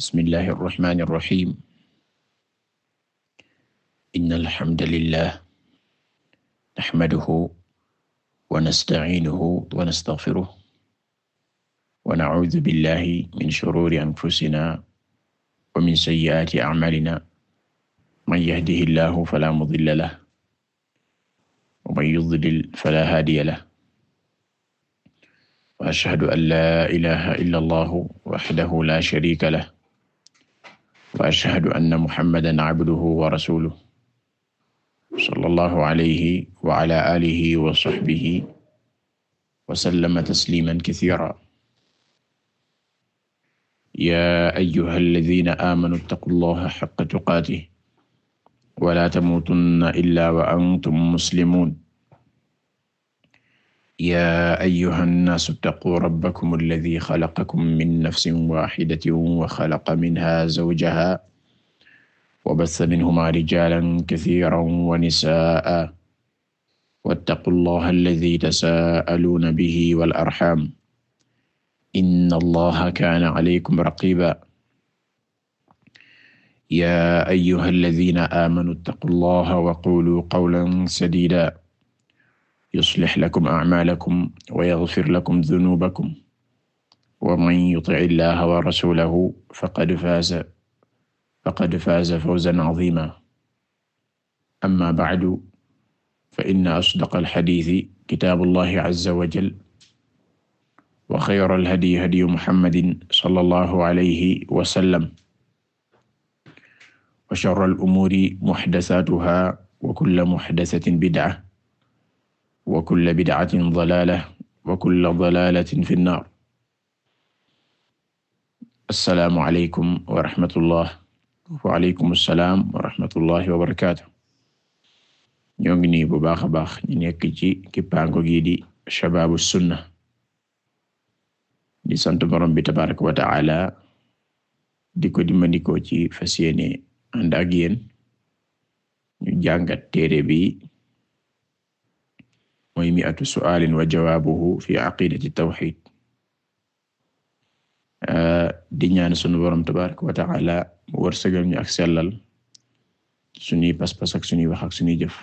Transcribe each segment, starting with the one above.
bismillahi arrahmani irrahim inna alhamdalillah naxmaduhu wa nastaciinuhu wa nastaxfiruh wa nacuudu billahi min shuruuri anfusina wa min sayyi'aati acmaalina man yahdihi llahu falaa mudilla lah wa man yudlil falaa haadiya lah wa ashhadu an laa ilaaha illa allahu waxdahu laa shariika lah wa ashhadu anna muhammadan abduhu wa rasuluhu sallallahu alayhi wa ala alihi wa sahbihi wa sallama tasliman kathira ya ayyuha alladhina amanu ittaqullaha haqqa tuqatih wa la tamutunna illa wa antum muslimun yaa ayyuha nnaasu ttaquu rabbakum alladii xalaqakum min nafsin waaxidatin wa xalaqa minhaa zawjahaa wa bassa minhumaa rijaalan kasiiran wa nisaa'an wattaqu llaaha alladii tasaa'aluuna bihi wal arxaam inna llaaha kaana aleykum raqiiba yaa ayyuha alladiina aamanuu ttaqu llaaha wa quuluu qawlan sadiidan يصلح لكم أعمالكم ويغفر لكم ذنوبكم ومن يطع الله ورسوله فقد فاز فقد فاز فوزا عظيما أما بعد فإن أصدق الحديث كتاب الله عز وجل وخير الهدي هدي محمد صلى الله عليه وسلم وشر الأمور محدثاتها وكل محدثة بدعة wa kulla bid'atin dalaala wa kulla dalaalatin fi nnaar assalaamu aleykum wa ñoo ngi nii bu baax a baax ñu nekk ci kippaango gi di shabaabu sunna di sant borom bi tabaaraka di ko dimandikoo ci fas yéene ànd ak yéen ñu jàngat téere bi mooy mi'atu su'aalin wa jawaabuhu fi aqiidati tawxiid di ñaan sunu borom tabaaraka wa ta'aala mu wërsëgal ñu ak sellal suñuy pas-pas ak suñuy wax ak suñuy jëf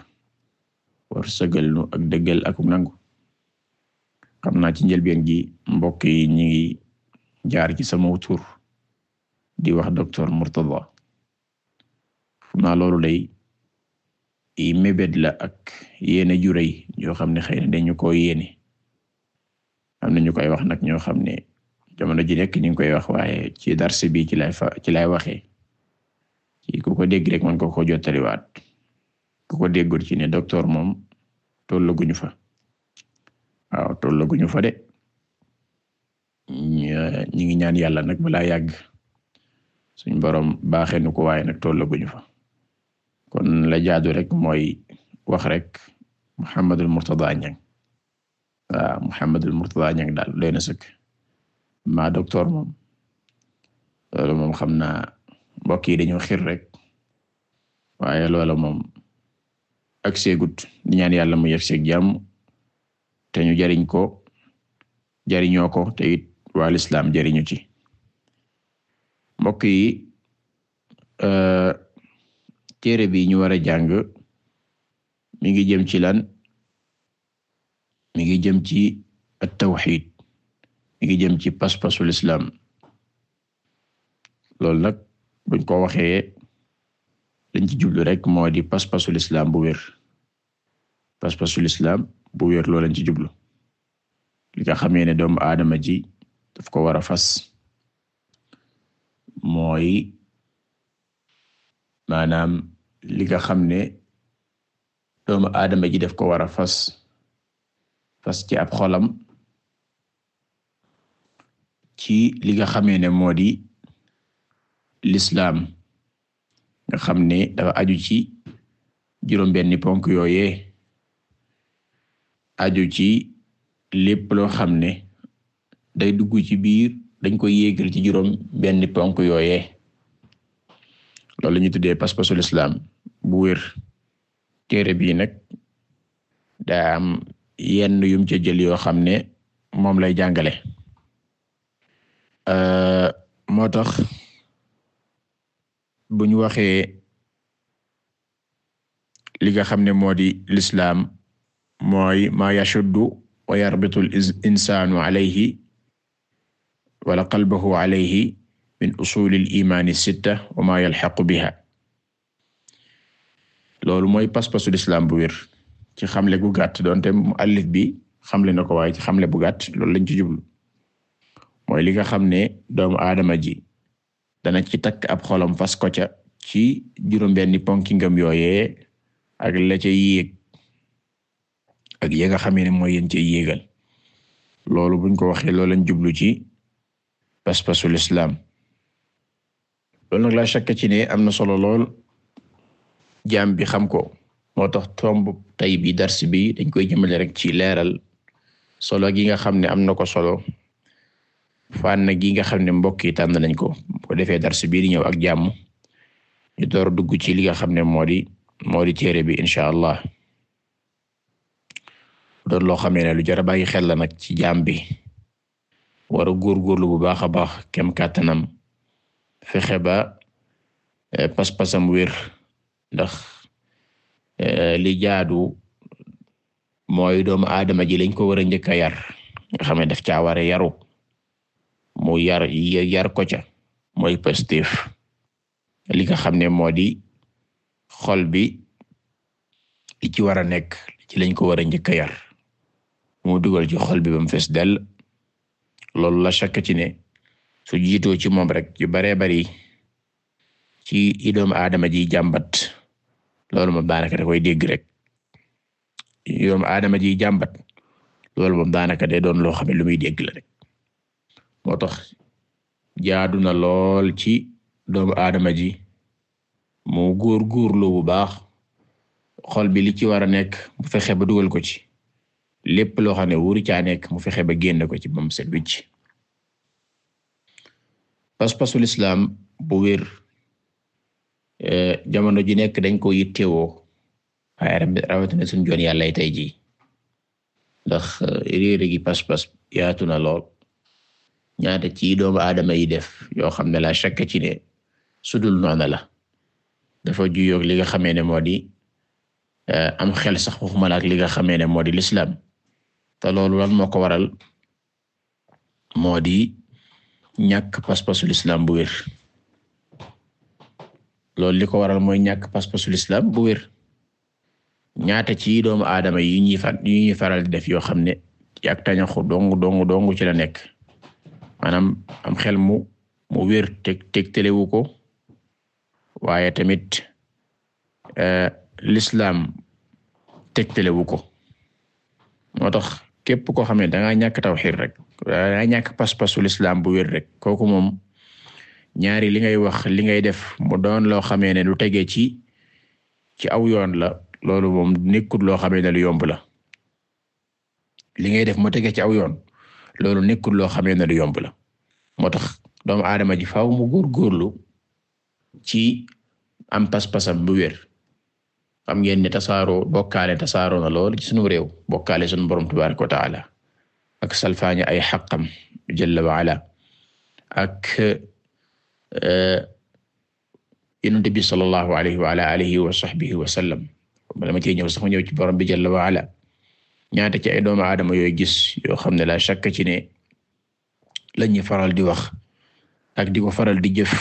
wërsëgal ak dëggal ak nangu xam naa ci njëlbeen gi mbokk yi ñu ngi jaar ci sama tur di wax docteur Murtada xam naa loolu day yi mébét la ak yéene ju rëy yoo xam ne xëy na dañu ko yéene am na koy wax nag ñoo xam ne jamono ji nekk ñu ngi koy wax waaye ci darsi bi ci lay fa ci lay waxee ci ko dégg rek man ko ko jottaliwaat ku ko déggul ci ne docteur moom tollaguñu fa waaw tollaguñu fa de ñi ngi ñaan yàlla nag balaa yàgg suñ borom baaxee nu ko waaye nag tollaguñu fa. kon la jaadu rek mooy wax rek Muhammadul Murtada Niang waaw Muhammadul Murtada Niang daal doy na sëkk ma docteur moom loolu moom xam naa mbokk yi dañoo xir rek waaye loola moom ak seegut di ñaan yàlla mu yegg seeg jàmm te ñu jariñ ko jariñoo ko te it waa lislaam jariñu ci mbokk yi. Euh, téere bi ñu war a jàng mi ngi jëm ci lan mi ngi jëm ci at-tawxiid mi ngi jëm ci pas-pasul islam loolu nag buñ ko waxee lañ ci jublu rek moo di pas-pasul islam bu wér pas-pasul islam bu wér lool lañ ci jublu li nga xamee ne doomu aadama ji daf ko war a fas mooy maanaam li nga xam ne doomu aadama ji def ko war a fas fas ci ab xolam ci li nga xamee ne moo di lislaam nga xam ne dafa aju ci juróom benni ponk yooyee aju ci lépp loo xam ne day dugg ci biir dañ koy yéegal ci juróom benni ponk yooyee loolu la ñuy tuddee pas-pasu lislaam bu wér téere bii nag daa am yenn yum ca jël yoo xam ne moom lay jàngale euh, moo tax bu ñu waxee li nga xam ne moo di lislaam mooy ma yashuddu wa yarbitu al insaanu alayhi wala qalbahu alayhi min usulil imaani sitta wa maa yalxaqu biha loolu mooy pas-pasu lislaam bu wér ci xamle gu gàtt doonte muallif bi xamle na ko waaye ci xamle bu gàtt loolu lañ ci jublu mooy li nga xam ne doomu aadama ji dana ci takk ab xolam fas ko ca ci juróom-benni ponki ngam yooyee ak la ca ak ya nga xamee ne mooy yéen ca yéegal loolu buñ ko waxee loolu lañ jublu ci pas-pasu lislaam lool nag laa shakka ci ne am na solo lool jaam bi xam ko moo tax tomb tay bi dars bi dañ koy jëmale rek ci leeral solo gi nga xam ne am na ko solo fànn gi nga xam ne mbokk yi tànn nañ ko ko defee dars bi di ñëw ak jàmm ñu door dugg ci li nga xam ne moo di moo di téere bi incha allah dool loo xam ne lu jar a bàyyi xel la nag ci jaam bi war a góorgóorlu bu baax a baax kem kàttanam fexe ba eh, pas-pasam wér ndax eh, li jaadu mooy doomu aadama ji lañ ko war a njëkk a yar nga xam ne daf caa war a yaru mu yar yar ko ca mooy positif li nga xam ne moo di xol bi li ci war a nekk ci lañ ko war a njëkk yar mu dugal ci xol bi ba mu fees dell loolu la chakk ci ne su jiitoo ci moom rek yu baree bari ci i doomu aadama ji jàmbat loolu moom daanaka de koy dégg rek i doomu ji jàmbat loolu moom daanaka day doon loo xam ne lu muy dégg la rek moo tax jaadu na lool ci doomu aadama ji mu góor-góorlu bu baax xol bi li ci war a nekk mu fexe ba dugal ko ci lépp loo xam ne wuru caa nekk mu fexe ba génn ko ci mom mu set wicc paspasul islam bu wér eh, jamono ji nekk dañ ko yittewoo waaye rawatina suñ joon yàllay tey ji ndax eh, réere gi pas-pas yaatu na lool ñaata ci doomu aadama yi def yoo xam ne la shakka ci ne sudul noona la dafa juyoog li nga xamee ne moo di eh, am xel sax waxuma la ak li nga xamee ne moo di lislaam te ko waral moo di ñàkk pas-pasul islam bu wér loolu li ko waral mooy ñàkk pas-pasul islam bu wér ñaata ci doomu aadama yi ñuy fa yi ñuy faral di def yoo xam ne ci ak tañaxu dong dong dong ci la nekk maanaam am xel mu mu wér teg tegtalewu ko waaye tamit eh, l'islam tegtalewu ko moo tax. képp koo xam ne da ngaa ñàkk xiir rek da ngaa ñàkk pas-pasu lislaam bu wér rek kooku moom ñaari li ngay wax li ngay def mu doon loo xamee ne lu tegee ci ci aw yoon la loolu moom nekkul loo xamee ne lu yomb la li ngay def mu tegee ci aw yoon loolu nekkul loo xamee ne lu yomb la moo tax doomu aadama ji faaw mu góorgóorlu ci am pas-pasam bu wér xam ngeen ne tasaaroo bokkaale tasaaroo na lool ci sunu réew bokkaale sunu borom tabaaraka wa taala ak salfaaña ay xaqam jalla wa ala ak eh, yonent bi sallallahu alayhi wa ala alihi wa sahbihi wa sallam dama cee ñëw sax ñëw ci borom bi jalla wa ala ñaata ci ay doomu aadama yooyu gis yoo xam ne la shakka ci ne lañuy faral di wax ak di ko faral di jëf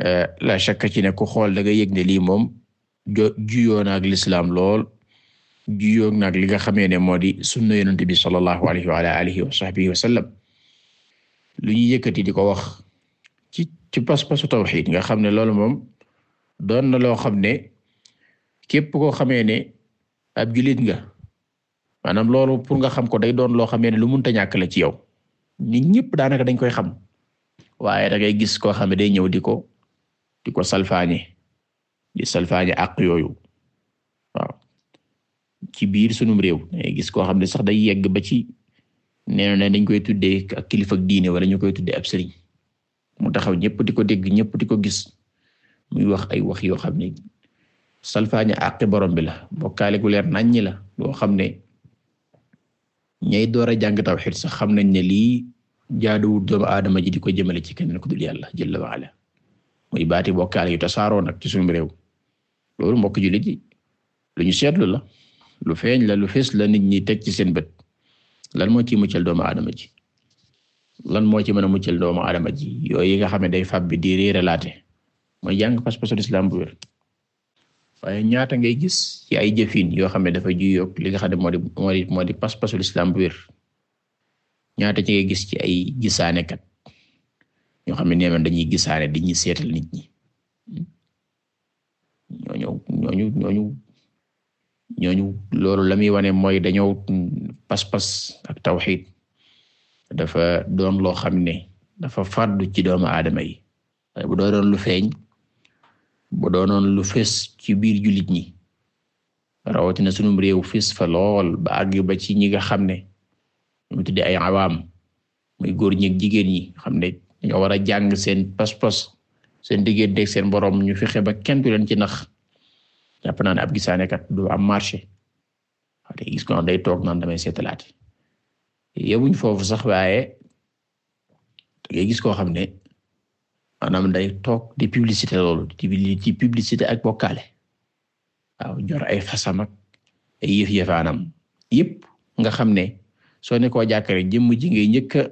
eh, la shakka ci ne ku xool da nga yëg ne lii moom jo juyoo na lislaam lool juyoo na ak li nga xamee ne moo di sunna yonent bi sallallahu alayhi wa alihi wa sahbihi wa sallam lu ñuy yëkkati di ko wax ci ci pas-pasu tawxiid nga xam ne loolu moom doon na loo xam ne képp koo xamee ne ab jullit nga maanaam loolu pour nga xam ko day doon loo xamee ne lu mënta ñàkk la ci yow nit ñëpp daanaka dañ koy xam waaye da gis koo xam ne day ñëw di ko di ko salfaañe di salfaañe àq yooyu waaw biir sunum réew dangay gis koo xam ne sax day yegg ba ci nee na dañ koy tuddee ak kilifa diine wala ñu koy tuddee ab sëriñ mu taxaw ñëpp di ko dégg ñëpp di ko gis muy wax ay wax yoo xam ne salfaañe àqi borom bi la bokkaale gu leer naññi la loo xam ne ñay door a jàng tawhid sax xam nañ ne lii jaaduwul doomu aadama ji di ko jëmale ci keneen ku dul yàlla jalla wa ala muy baati bokkaale yu tasaaroo nag ci sunum réew loolu mbokk jullit yi lu ñu seetlu la lu feeñ la lu fees la nit ñi teg ci seen bët lan moo ci muccal doomu aadama ji lan moo ci mën muccel doomu aadama ji yooyu nga xam ne day fab bi di réeralaate mooy jàng pas-pasu islam bu ñaata ngay gis ci ay jëfin yoo xam ne dafa juyoog li nga xam ne moo di moo di moo di pas-pasu islam bu wér ñaata ci ngay gis ci ay gisaanekat ñoo xam ne nee dañuy gisaane di ñuy seetal nit ñi. ñooñu ñooñu ñooñu loolu la muy wane mooy dañoo pas-pas ak tawxiid dafa doon loo xam ne dafa fàddu ci doomu aadama yi bu doonoon lu feeñ bu doonoon lu fés ci biir julit ñi rawatina sunum réew fés fa lool ba àgg ba ci ñi nga xam ne ñu tudde ay awaam muy góor ñi jigéen ñi xam ne ñoo war a jàng seen pas-pas seen digganteeg seen boroom ñu fexe ba kenn du leen ci nax jàpp naa ne ab gisaane kat du am marché waaye day day toog naan damay seetalaat yebuñ foofu sax waaye ngay gis koo xam ne maanaam day toog di publicité loolu ci publicité ak bokkaale waaw jor ay fasam ak yëf yëfaanam yëpp nga xam ne soo ne koo jàkkare jëmm ji ngay njëkk a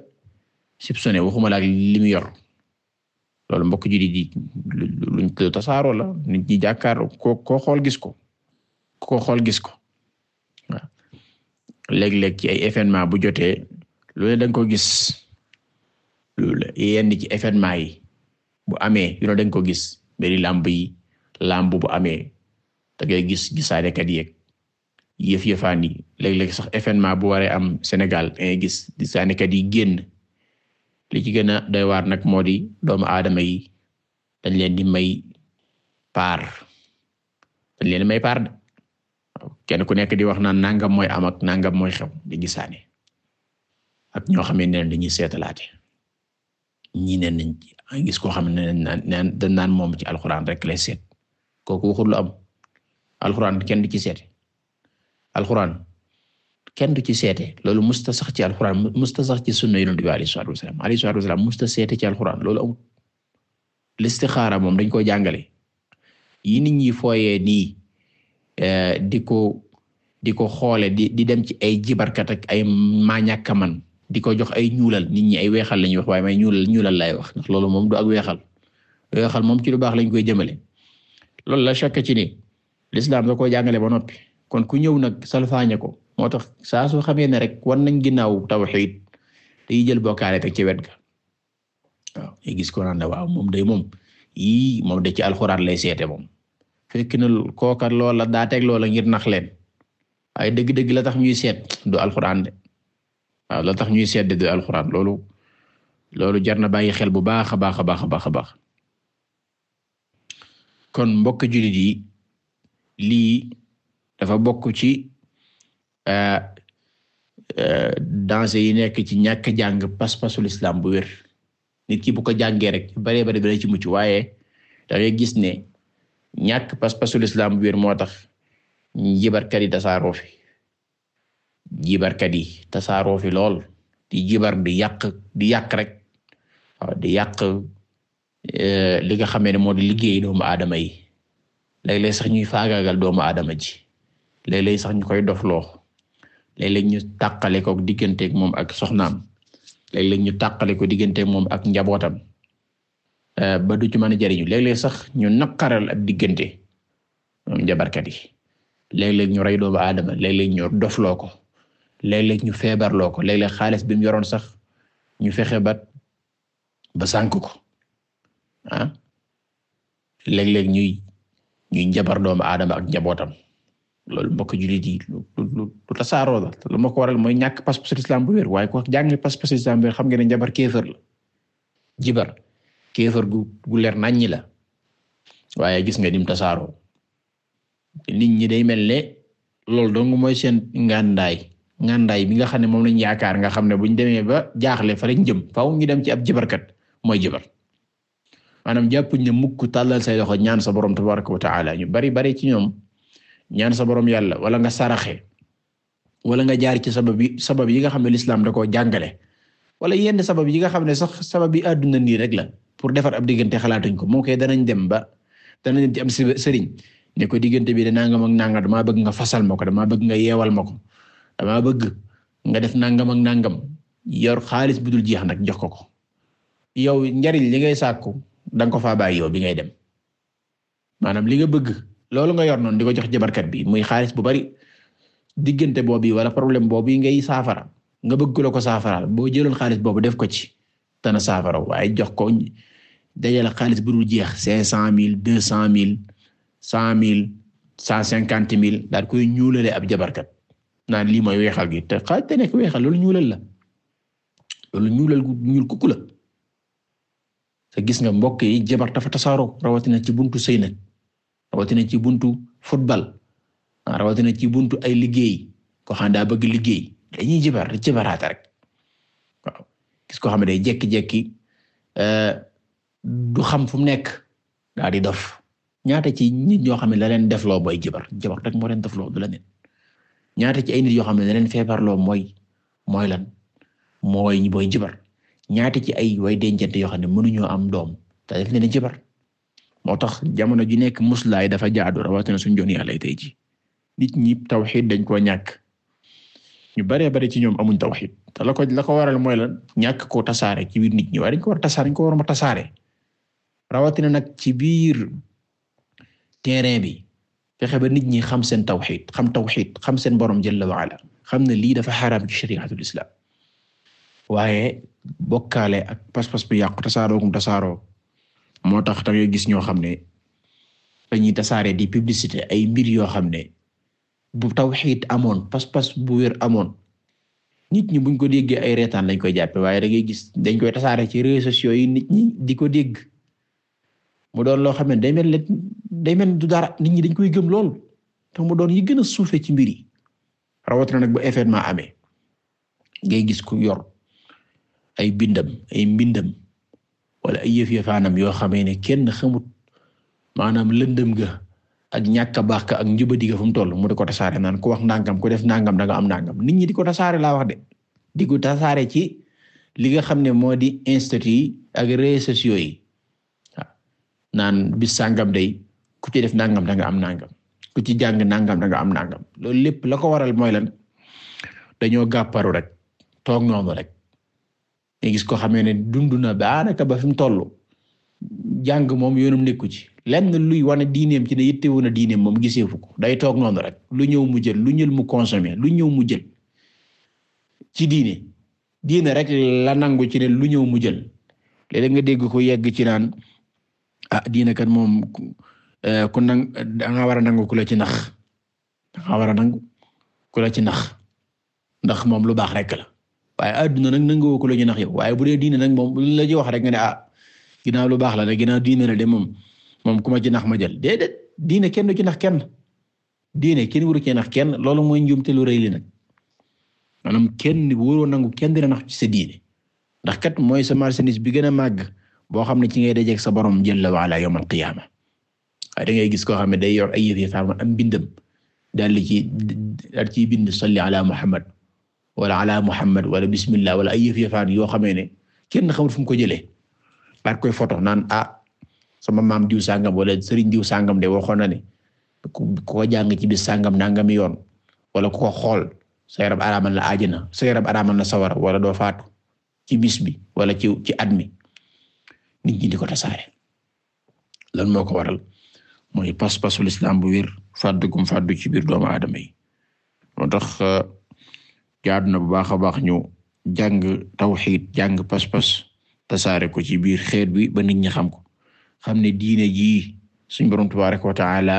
sib waxuma la ak li mu yor. loolu mbokk jullit yi luñ tasaaroo la nit ñi jàkkaarloo ko koo xool gis ko koo xool gis ko waaw léeg ci ay événement bu jotee loolu dañ ko gis loolu yenn ci événement yi bu amee yu ne dañ ko gis bari làmb yi làmb bu amee da ngay gis gisaanekat yeeg yëf-yëfaan yi léeg-léeg sax événement bu waree am Sénégal da ngay gis gisaanekat yi génn li ci gën a doy waar nag moo di doomu aadama yi dañ leen di may paar dañ leen di may paar de kenn ku nekk di wax naan nangam mooy am ak nangam mooy xew di gisaane ak ñoo xam ne neen seetalaate ñii neen nañ gis koo xam ne neen dañ naan moom ci alxuraan rek lay seet kooku waxul am alxuraan kenn di ci seet alxuraan kenn du ci seete loolu musta sax ci alxuraan musta sax ci sunna yonent bi alayhi salaatu wasalaam alayhi salaatu wasalaam musta seete ci alxuraan loolu amul listixaara moom dañ koo jàngale yi nit ñi fooyee nii eh, di ko di ko xoole di di dem ci ay jibarkat ak ay maañàkka man di ko jox ay ñuulal nit ñi ay weexal lañuy wax waaye may ñuulal ñuulal lay wax ndax loolu moom du ak weexal weexal moom ci lu baax lañ koy jëmale loolu la chakk ci ni lislaam da koo jàngale ba noppi kon ku ñëw nag salfaañe ko moo tax saa soo xamee ne rek wan nañ ginnaaw tawxiid day jël bokkaale teg ci wet ga waaw gis ko naan ne waaw moom day moom yii moom de ci alxuraan lay seete moom fekk na kooka loola daa teg loola ngir nax leen waaye dëgg-dëgg la tax ñuy seet du alxuraan de tax ñuy seet de du loolu loolu jar na bàyyi xel bu baax a baax a baax a baax a baax kon mbokk jullit lii dafa bokk ci Eh, eh, danger yi nekk ci ñàkk jàng pas-pasul islam bu wér nit ki bu ko jàngee rek baree bari dana ci mucc waaye da ngay gis ne ñàkk pas-pasul islam bu wér moo tax jibarkat yi tasaaroo fi jibarkat yi tasaaroo fi lool di jibar di yàq di yàq rek waaw di yàq eh, li nga xamee ne moo di liggéey doomu aadama yi léeg-léeg sax ñuy faagaagal doomu aadama ji léeg-léeg sax ñu koy dofloo léeg-léeg ñu tàqale ko digganteeg moom ak soxnaam léeg-léeg ñu tàqale ko digganteeg moom ak njabootam euh, ba du ci mën a jariñu léeg-léeg sax ñu naqaral ab diggante moom njabarkat yi léeg-léeg ñu rey doomu aadama léeg-léeg ñu dofloo ko léeg-léeg ñu feebarloo ko léeg-léeg xaalis bi yoroon sax ñu fexe ba ba sànk ko ah léeg ñuy ñuy njabar doomu aadama ak njabootam loolu mbokk jullit lu tasaaroo la lu ma ko waral mooy ñàkk pas-pas islam bu wér waaye ko jàng pas-pas islam bu wér xam ngeen ne njabar jibar kéefër gu gu leer naññi la waaye gis nga dim tasaaroo nit ñi day mel ne loolu dong mooy seen ngandaay ngandaay bi nga xam ne moom lañ yaakaar nga xam ne buñ demee ba jaaxle fa lañ jëm faaw ñu dem ci ab jibarkat mooy jibar maanaam jàppuñ ne mukk tàllal say loxo ñaan sa borom tabaraka wa taala ñu bari bari ci ñoom ñaan sa borom yàlla wala nga saraxe wala nga jaar ci sabab yi sabab yi nga xam ne lislaam da koo jàngale wala yenn sabab yi nga xam ne sax sabab yi àdduna nii rek la pour defar ab diggante xalaatuñ ko moo koy danañ dem ba danañ dem ci am ne ko diggante bi de nangam ak nangam damaa bëgg nga fasal ma ko damaa bëgg nga yeewal ma ko damaa bëgg nga def nangam ak yor xaalis bu dul jeex nag jox ko ko yow njariñ li ngay sàkku danga ko faa bàyyi yow bi ngay dem maanaam li nga bëgg loolu nga yor noonu di ko jox jabarkat bi muy xaalis bu bari diggante boobu wala problème boobu ngay saafara nga bëgg la ko saafaraal boo jëloon xaalis boobu def ko ci tana saafara waaye jox ko dajale xaalis bu dul jeex cinq cent mille deux cent mille cent mille cent cinquante mille daal koy ñuulale ab jabarkat naan lii mooy weexal gi te xaalis nekk weexal loolu ñuulal la loolu ñuul kukku la te gis nga mbokk yi jabar dafa tasaaroo rawatina ci buntu sëy nag ci buntu football rawatina ci buntu ay liggéey ko xam daa bëgg liggéey dañuy jibar di jibaraata rek waaw gis ko xam ne day jekki-jekki euh, du xam fu mu nekk daa di dof ñaata ci nit ñoo xam ne la leen defloo mooy jibar jibar rek moo leen defloo du ñaata ci ay nit yoo xam ne la leen feebarloo mooy mooy lan mooy ñu booy jibar ñaata ci ay way dencante yoo xam ne mënuñoo am doom te def leen jibar moo tax jamono ju nekk muslaay dafa jaadu rawatina suñu jooni yàlla tey ji nit ñi tawxiid dañ koo ñàkk ñu baree bari ci ñoom amuñ tawxiid te la ko la ko waral mooy lan ñàkk koo tasaare ci biir nit ñi waaye dañ ko war a tasaare dañ ko rawatina nag ci biir terrain bi fexe ba nit ñi xam seen taw tawxiid xam taw tawxiid xam seen borom jalla wa ala xam ne lii dafa xaraam ci shari'atul islam waaye bokkaale ak pas-pas bu yàqu tasaaroo kum moo tax da ngay gis ñoo xam ne dañuy tasaare di publicité ay mbir yoo xam ne. bu tawxiid amoon pas-pas bu wér amoon nit ñi buñ ko déggee ay reetaan lañ koy jàppe waaye da ngay gis dañ koy tasaare ci réseaux sociaux yi nit ñi di ko dégg mu doon loo xam ne day mel day mel du dara nit ñi dañ koy gëm lool te mu doon yi gën a suufe ci mbir yi rawatina nag bu événement amee ngay gis ku yor ay mbindam ay mbindam wala ay yëf yëfaanam yoo xamee ne kenn xamut maanaam lëndëm ga ak ñàkk a ka ak njubadi ga fu mu toll mu di ko tasaare naan ku wax nangam ku def nangam da nga am nangam nit ñi di ko tasaare laa wax de di ko tasaare ci li nga xam ne moo di institut yi ak réseaux sociaux yi naan bis sangam day ku ci def nangam da nga am nangam ku ci jàng nangam da am nangam loolu lépp la ko waral mooy lan dañoo gàpparu rek toog noonu rek nga gis ko xamee ne dund na daanaka ba fi mu toll jàng moom yoonum nekku ci. lenn luy wane diineem ci ne yittewu na diineem moom giseefu ko day toog noonu rek lu ñëw mu jël lu ñël mu consommer lu ñëw mu jël ci diine diine rek la nangu ci ne lu ñëw mu jël léeg nga dégg ko yegg ci naan ah diine kat moom eh, ku nang da nga war a nangu ku la ci nax da war a nangu la ci nax ndax moom lu baax rek la waaye adduna nag nangoo ku la ci nax yow waaye bu dee diine nag moom la ci wax rek nga ne ah ginnaaw lu baax la de ginnaaw diine la de moom. moom ku ma ci nax ma jël déedéet diine kenn du ci nax kenn diine kenn waru ci nax kenn loolu mooy njuumte lu rëy li nag maanaam kenn waroo nangu kenn dina nax ci sa diine ndax kat mooy sa marchandise bi gën a màgg boo xam ne ci ngay dajeeg sa borom jalla wa ala yawmal qiyaama waaye da ngay gis koo xam ne day yor ay yëf yi am daal di ci daal ciy bind salli ala muhammad wala ala muhammad wala bismillah wala ay yëf yoo xam ne kenn xamul fu mu ko jëlee daal sama maam diw sangam wala sëriñ diw sangam de waxoon na ne ku ko jàng ci bis sangam nangami yoon wala ku ko xool sa yaram araamal na àjjana sa yaram araamal na sawara wala doo faatu ci bis bi wala ci ci at mi nit ñi di ko tasaare lan moo ko waral mooy pas-pasul islam bu wér fàddugum fàddu ci biir doomu aadama yi moo tax uh, jaadu na bu baax a baax ñu jàng tawxiid jàng pas-pas tasaare ko ci biir xeet bi ba nit ñi xam ko xam ne diine jii suñ borom tabaaraka wa taala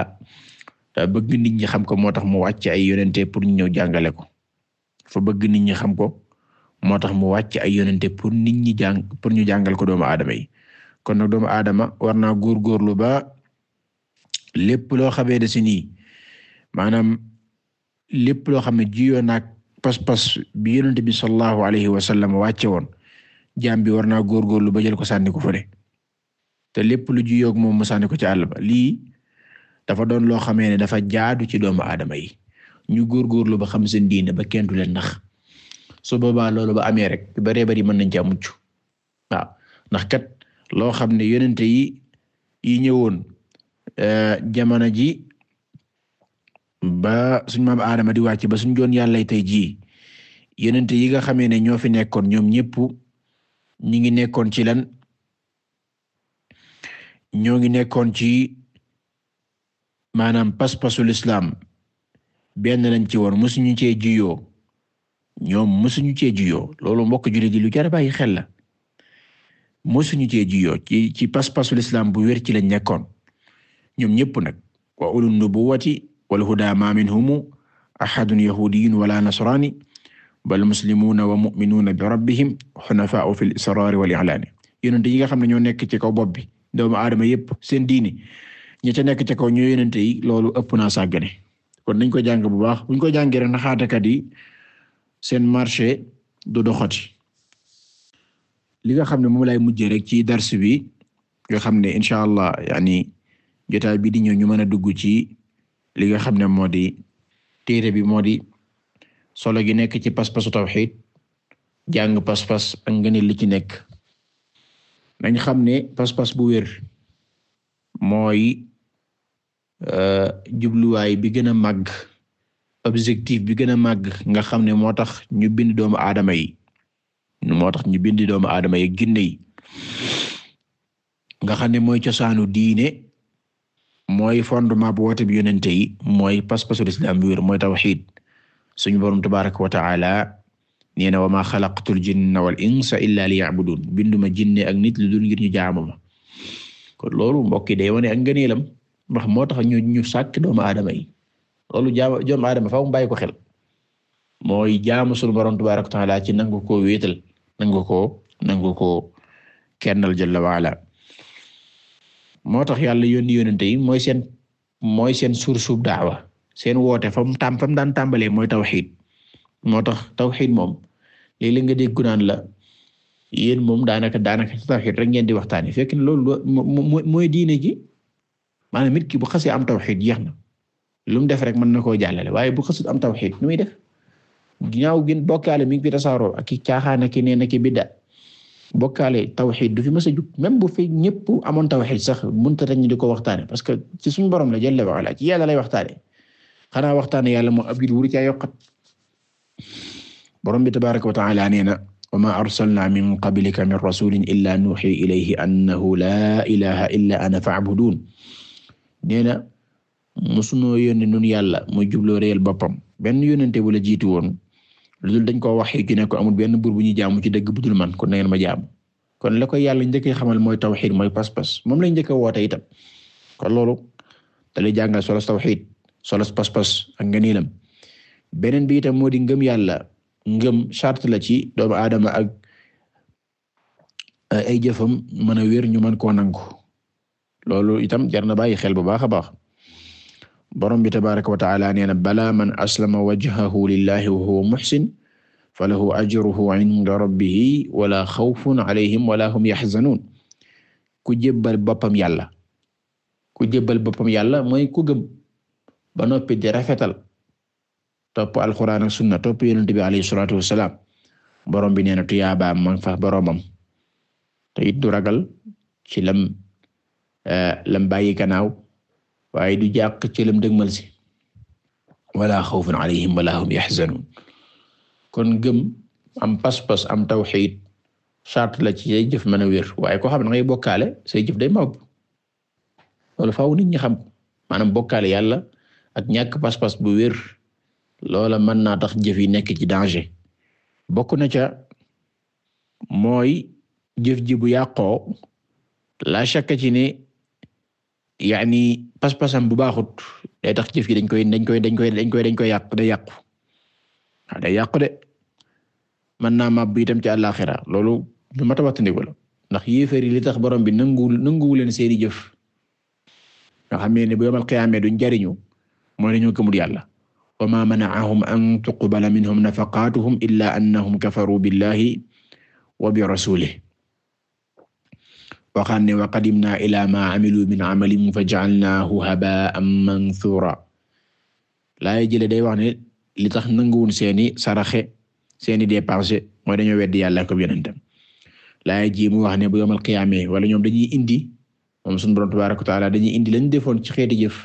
euh, bëgg nit ñi xam ko moo tax mu wàcc ay yonente pour ñu ñëw jàngale ko fa bëgg nit ñi xam ko moo tax mu wàcc ay yonente pour nit ñi jàng pour ñu jàngal ko doomu aadama kon nag doomu aadama war naa góorgóorlu ba lépp loo xamee de si nii maanaam lépp loo xam ne jiyoo naag pas-pas bi yonente bi sallallahu alayhi wa sallam wàcce woon jaam bi war naa góorgóorlu ba jël ko sànni fo le te lépp lu ji yoog moom mu sànni ko ci àll ba lii dafa doon loo xamee ne dafa jaadu ci doomu aadama yi ñu góorgóorlu ba xam seen diine ba kenn du leen nax su boobaa loolu ba amee rek lu baree bari mën nañ caa mucc waaw kat loo xam ne yonente yi yi ñëwoon eh, jamono ji ba suñ maam aadama di wàcc ba suñ doon yàllay tey jii yonente yi nga xamee ne ñoo fi nekkoon ñoom ñëpp ñu ngi nekkoon ci lan ñoo ngi nekkoon ci maanaam pas-pasul islaam benn lañ ci woon musuñu cee juyoo ñoom musuñu cee juyoo loolu mbokk jullit yi lu jar a bàyyi xel la musuñu cee juyoo ci ci pas-pasul islaam bu wér ci lañ nekkoon ñoom ñëpp nag wa ulul nubuwati wal huda ma minhumu ahadun yahudiyun wala nasrani bal muslimuuna wa muminuuna bi rabbihim xunafaau fi l israari wal ilaani yonent yi nga xam ne ñoo nekk ci kaw bopp bi doomu aadama yépp seen diini ñi ca nekk ca kaw ñu yonente loolu ëpp naa sàggane kon nañ ko jàng bu baax buñ ko jàngee rek naxaatekat yi seen marché du doxati li nga xam ne moom laay mujjee rek ci dars bi nga xam ne incha allah yaani di ñëw ñu mën a dugg ci li nga xam ne moo di téere bi moo di solo gi nekk ci pas-pasu tawhid jàng pas-pas ak ngëneel li ci nekk nañ xam ne pas-pas bu wér mooy euh, jubluwaay bi gën a màgg objectif bi gën a màgg nga xam ne moo tax ñu bind doomu aadama yi moo tax ñu bind doomu aadama yi ginne yi nga xam ne mooy cosaanu diine mooy fondement bu woote bi yonente yi mooy pas-pasu lislaam bi wér mooy tawxiid suñu borom tabaaraka wa taala nee na wa ma xalaqtul jinna wal insa illa liya'budun binduma jinne ak nit lu dul ngir ñu jaamu kon loolu mbokk yi day wane ak ngëneelam ndax moo tax ñu ñu sàkk doomu aadama yi loolu jaamu doomu aadama faaw mu bàyyi ko xel mooy jaamu sunu borom ci nangu koo wéetal nangu koo nangu koo kennal jalla wa ala tax yàlla yónni yónente yi mooy seen mooy seen suur suub daawa seen woote fa mu tàm fa mu daan tàmbalee mooy tawxiid moo tax tawxiid moom léeg-léeg nga dégg naan la yéen moom daanaka daanaka ci tawxiid rek ngeen di waxtaanee fekk ne loolu mooy diine ji maanaam nit ki bu xasee am tawxiid jeex na lu mu def rek mën na koo jàllale waaye bu xasut am tawxiid nu muy def gi ginnaaw gi bokkaale mi ngi fi tasaaroo saaro i caaxaan ak i neen ak i bidda bokkaale tawxiid du fi mës a jug même bu fi ñëpp amoon tawxiid sax mënut a ñu di ko waxtaane parce que ci suñu borom la jël la wala ci yàlla lay waxtaanee xanaa waxtaanee yàlla moo ab yu wuri ca borom bi tabaaraka wa ta'aala nee na wa maa arsalnaa min qablika min rasulin illaa nuuxii ilayhi annahu laa ilaaha illaa ana fa'buduun nee na musunoo yónni nun yàlla muy jubloo réel boppam benn yónnante bu la jiitu woon lu dul dañ koo wax ci ko amul benn buur bu ñuy jaamu ci dëgg bu man kon na ngeen ma jaamu kon la ko yàlla njëkk xamal mooy tawxiid mooy pas-pas moom lañ njëkk a woote itam kon loolu da lay jàngal solos tawxiid solos pas-pas ak ngëneelam beneen bi itam moo di ngëm yàlla ngëm charte la ci doomu aadama ak eh, ay jëfam mën a wér ñu mën koo nangu loolu itam jar na bàyyi xel bu baax a baax borom bi tabaraka wa taala nee na bala man aslama wajhahu lillahi wa huwa muhsin falahu ajruhu inda wala xawfun alayhim wala hum yaxzanuun ku jébbal boppam yàlla ku jébbal boppam yàlla mooy ku gëm ba noppi di rafetal topp alquran ak sunna topp yonent bi alayhi salaatu bi nee na tuyaabaam fa boromam du ragal ci lam eh, lam bàyyi gannaaw waaye du jàq ci lam dëgmal si wala xawfun alayhim wala hum yaxzanuun kon gëm am pas-pas am tawxiid sart la ci say jëf mën a wér waaye koo xam ne ngay bokkaale say jëf day màgg loolu faaw nit ñi xam yàlla ak ñàkk pas-pas bu wér loola mën naa tax jëf yi nekk ci danger bokk na ca mooy jëf ji bu yàqoo la shakka ci ne yaani pas-pasam bu baaxut day tax jëf ji dañ koy dañ koy dañ koy dañ koy dañ koy yàq day yàqu ah, day yàqu de mën naa màbb itam ci àllaxira loolu lu mat a wattandiku la ndax yéefar yi li tax borom bi nanguwul nanguwul leen seeni jëf nga xam ne bu yomal xiyaamee duñ jariñu mooy dañoo gëmul yàlla wa ma mana'ahum an tuqbala minhum nafaqatuhum illa annahum kafaru billahi wa bi rasulihi ne wa qadimna ila ma amilu min amalin fa ja'alnahu haba'an manthura laay jële day wax ne li tax nanguwun seeni saraxe seeni dépense mooy dañoo weddi yàlla ko yonentam laay ji mu wax ne bu yawmal wala ñoom dañuy indi moom sunu borom tabaaraka wa ta'aala dañuy indi lañ defoon ci xeeti jëf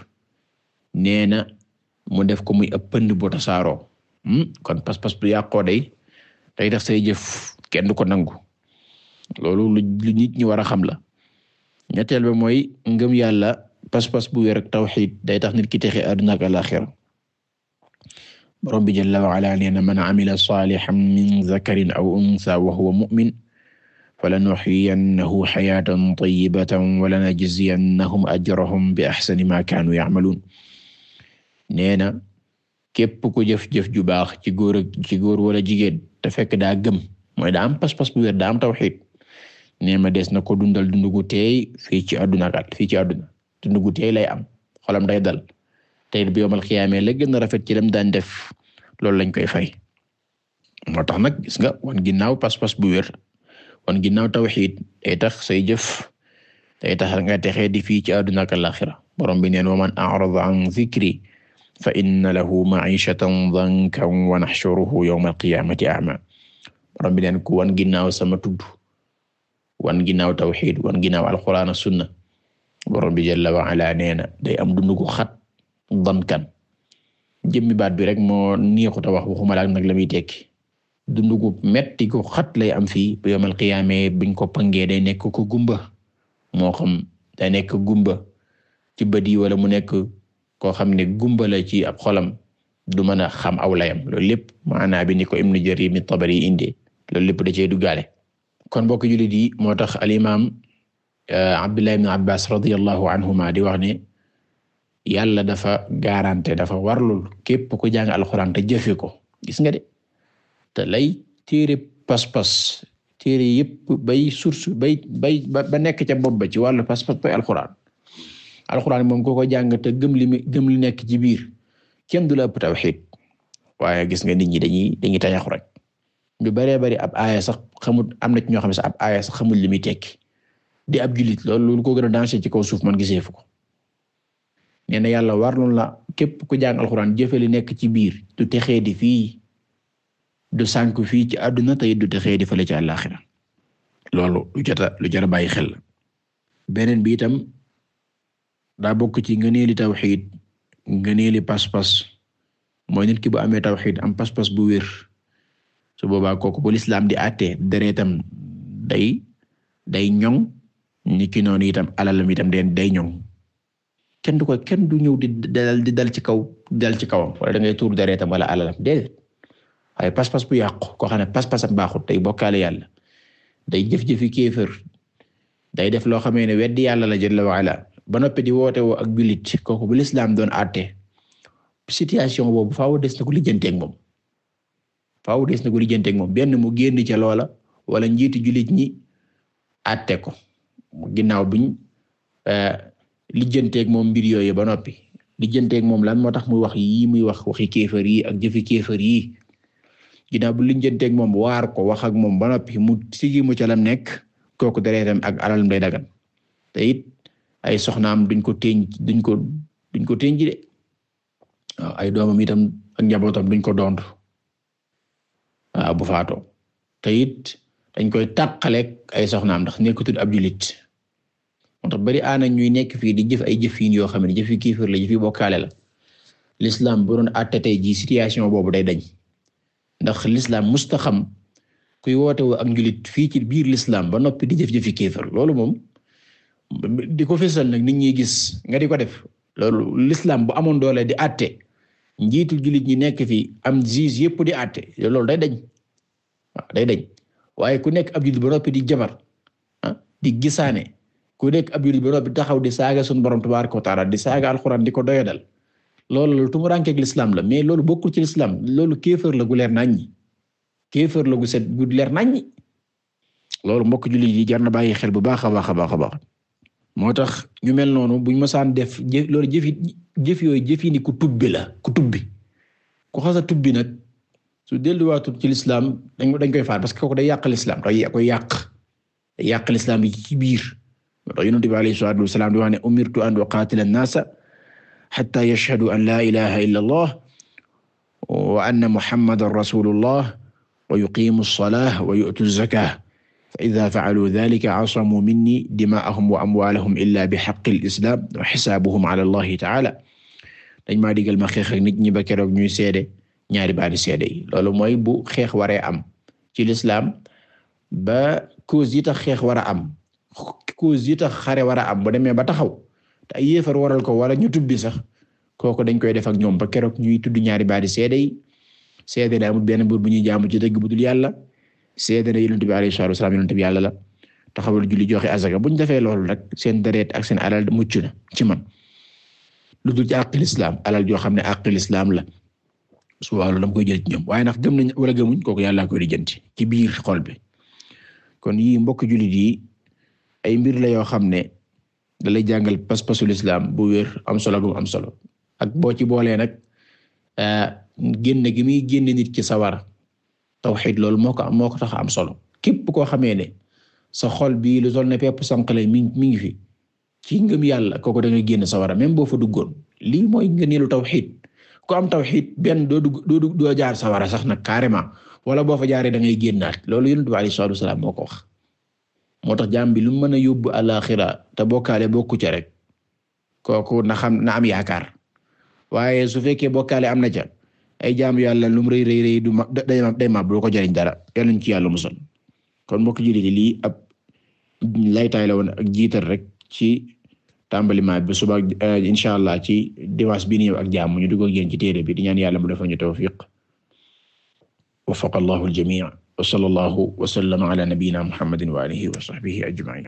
mu def ko muy ëpp pënd bu saro hmm? kon pas-pas bu yàqoo day day def say jëf kenn du ko nangu loolu lu ni ñi war a xam la ñetteel ba mooy ngëm yàlla pas bu wér ak tawxiid day tax nit ki texe àdduna ak alaaxira borom bi jalla wa ala nee na man amila salihan min zakarin aw unsa wa huwa mu'min falanuhyiyannahu hayatan tayyibatan wa lanajziyannahum ajrahum bi ahsani ma kanu ya'malun nee na képp ku jëf-jëf ju baax ci góor ak ci góor wala jigéen te fekk daa gëm mooy daa am pas-pas bu wér daa am tawxiid nee ma des na ko dundal dundu gu teey fii ci àdduna ak fii ci àdduna dundu gu lay am xolam day dal tey bi yawmal qiyaama la gën a rafet ci dem daan def loolu lañ koy fay moo tax nag gis nga wan ginnaaw pas-pas bu wér wan ginnaaw tawxiid day tax say jëf day tax nga texee di fii ci àdduna ak àllaxira borom bi neen wa man fa inna lahu ma'ishatan dankan wa nahshuruhu yawmal qiyaamati a'maa bi neen ku wan sama tudd wan ginnaaw tawxiid wan ginnaaw alquraan ak sunna borom bi jalla wa ala nee na day am dundu gu xat dankan jëmmi baat bi rek mo neexut a wax waxuma la nag la muy tekki dundu gu metti gu xat lay am fii ba yawmal qiyaamee buñ ko pangee day nekk ko gumba moo xam day nekk gumba ci bët yi wala mu nekk. koo xam ne gumbala ci ab xolam du mën a xam aw layam loolu lépp maanaa bi ni ko Ibnu Jarir mi Tabari yi indee loolu lépp da cee duggaale kon bokk jullit yi moo tax al imaam euh, Abdullah ibn Abbas radiyallahu anhuma di wax ne dafa garanté dafa warlul képp ko jàng alxuraan te jëfe ko gis nga de te lay téere pas-pas téere yëpp bay source bay bay ba nekk ca bopp ba ci wàllu pas-pas bay alxuraan alxuraan moom koo ko jàng te gëm li gëm li nekk ci biir kenn du la ëpp tawxiid waaye gis nga nit ñi dañuy dañuy tañaxu rek ñu baree bari ab aaya sax xamul am na ci ñoo xam ne sax ab aaya sax xamul li muy tekki di ab jullit loolu loolu koo gën a danger ci kaw suuf man gisee fu ko nee na yàlla warloon la képp ku jàng alxuraan jëfe li nekk ci biir du texee di fii du sànk fii ci àdduna tey du texee di fële ci àllaaxira loolu lu lu jar bàyyi xel beneen bi itam daa bokk ci ngëneeli tawxiid ngëneeli pas-pas mooy nit ki bu amee tawxiid am pas-pas bu wér su boobaa kooku bu lislaam di àttee deretam day day ñoŋ ni ki noonu itam alalam itam day day ñoŋ kenn du ko kenn du ñëw di dal di dal ci kaw di dal ci kawam wala da ngay tuur deretam wala alalam déedéet waaye pas-pas bu yàqu koo xam ne pas-pasam baaxut day bokkaale yàlla day jëf-jëfi kéefër day def loo xamee ne weddi yàlla la jalla wa ba noppi di woote woo ak jullit kooku bu lislaam doon àtte situation boobu faaw des na ko lijjanteeg moom faaw des na ko lijjanteeg moom benn mu génn ca loola wala njiitu jullit ñi àtte ko ginnaaw biñ eh, lijjanteeg moom mbir yooyu ba noppi lijjanteeg moom lan moo tax muy wax yii muy wax waxi kéefar yi ak jëfi kéefar yi ginnaaw bu lijjanteeg moom waar ko wax ak moom ba noppi mu sigi mu ca lam nekk kooku dereetam ak alalam day dagan te ay soxnaam duñ ko téñ duñ ko duñ ko téñ de ay doomam itam ak njabootam duñ ko dond waaw bu faatoo te it dañ koy tàqaleeg ay soxnaam ndax nekkatul ab julit moo tax bari aana ñuy nekk fii di jëf ay jëf yoo xam ne jëf yi kiifir la jëf yi bokkaale la tey ji situation boobu day dañ ndax l'islam musta xam kuy woote woo ak njulit fii ci biir l'islam ba noppi di jëf-jëfi kiifir loolu moom di ko fésal nag nit ñi gis nga di ko def loolu l'islam bu amoon doole di atte njiitu jullit ñi nekk fi am juge yëpp di àtte loolu day dañ day dañ waaye ku nekk ab jullit ba noppi di jabar ah di gisaane ku nekk ab jullit ba noppi taxaw di saaga suñu borom tabaaraka wa taala di saaga alxuraan di ko doyadal loolu loolu tumuraankeeg l'islam la mais loolu bokkul ci l'islam loolu kéefër la gu na ñi kéefër la gu set gu leer naññi loolu mbokk jullit yi jar na bàyyi xel bu baax a baax a baax a moo tax ñu mel noonu buñ mësaan def jëf loolu jëfi jëf yooyu jëf yi ni ku tubbi la ku tubbi ku xasa tubbi nag su delluwaatul ci lislaam dañ dañ koy faat parce que kooku day yàq lislaam day koy yàq day yàq lislaam yi ci biir moo tax Yonent bi alayhi salaatu wasalaam di wax ne umirtu an uqaatila an-naasa hatta allah wa muhammadan rasulullah wa yuqiimu yu'tu az fa idaa fa'aluu dhaalika asamuu minnii dimaa'ahum wa amwaalahum illaa bihaqqil islaam wa hisaabuhum ala Allahi ta'aalaa dañ maa digal ma xeex nit ñi ba keroog ñuy seede ñaari baani seede yi loolu mooy bu xeex waree am ci lislaam ba cause yi tax xeex war a am cause yi tax xare war a am bu demee ba taxaw te ay yéefar waral ko wala ñu tubbi sax kooku dañ koy def ak ñoom ba keroog ñuy tudd ñaari baani seede yi seede la amul benn buur bu ñuy jaamu ci dëgg bu dul yàlla. seede na yonent bi alayhi salaatu wasalaam yonent bi yàlla la taxawal julli joxe asaka buñ defee loolu rek seen deret ak seen alal mucc na ci man lu dul ci àqil islam alal xam ne àqil islam la su waaw dama koy jël ñoom waaye ndax gëm nañ wala gëmuñ kooku yàlla koy lijjanti ci biir xol bi kon yii mbokk jullit yi ay mbir la yoo xam ne da lay jàngal pas-pasul islam bu wér am solo gu am solo ak boo ci boolee nag ah, génn gi muy génn nit ci sawara tawxiid loolu moo ko moo ko tax am solo képp koo xamee ne sa xol bii lu sol ne pepp sànqale mi mi ngi fi ci ngëm yàlla kooku da nga génn sawara même boo fa duggoon lii mooy taw tawxiid ku am taw tawxiid benn doo dug doo doo jaar sawara sax nag carrément wala boo fa jaaree da ngay génnaat loolu yonent bi alayhi salaatu wasalaam moo ko wax moo tax jaam bi lu mën a yóbbu alaxira te boo bokku ca rek kooku na xam na am yaakaar waaye su fekkee bokkaale am na ca ay jaamu yàlla lum rëy rëy rëy du ma day ma day ko jariñ dara yal ci yàlla musal kon mbokk jullit yi lii ab laytaay la woon ak jiital rek ci tàmbali maa bi suba euh, incha allah ci diwaas bi ñëw ak jaamu ñu dugg yéen ci téere bi di ñaan yàlla mu defal ñu tawfiq wafaqa allahu al-jamii' wa sallallahu wa sallama ala nabiyyina muhammadin wa wa sahbihi ajma'in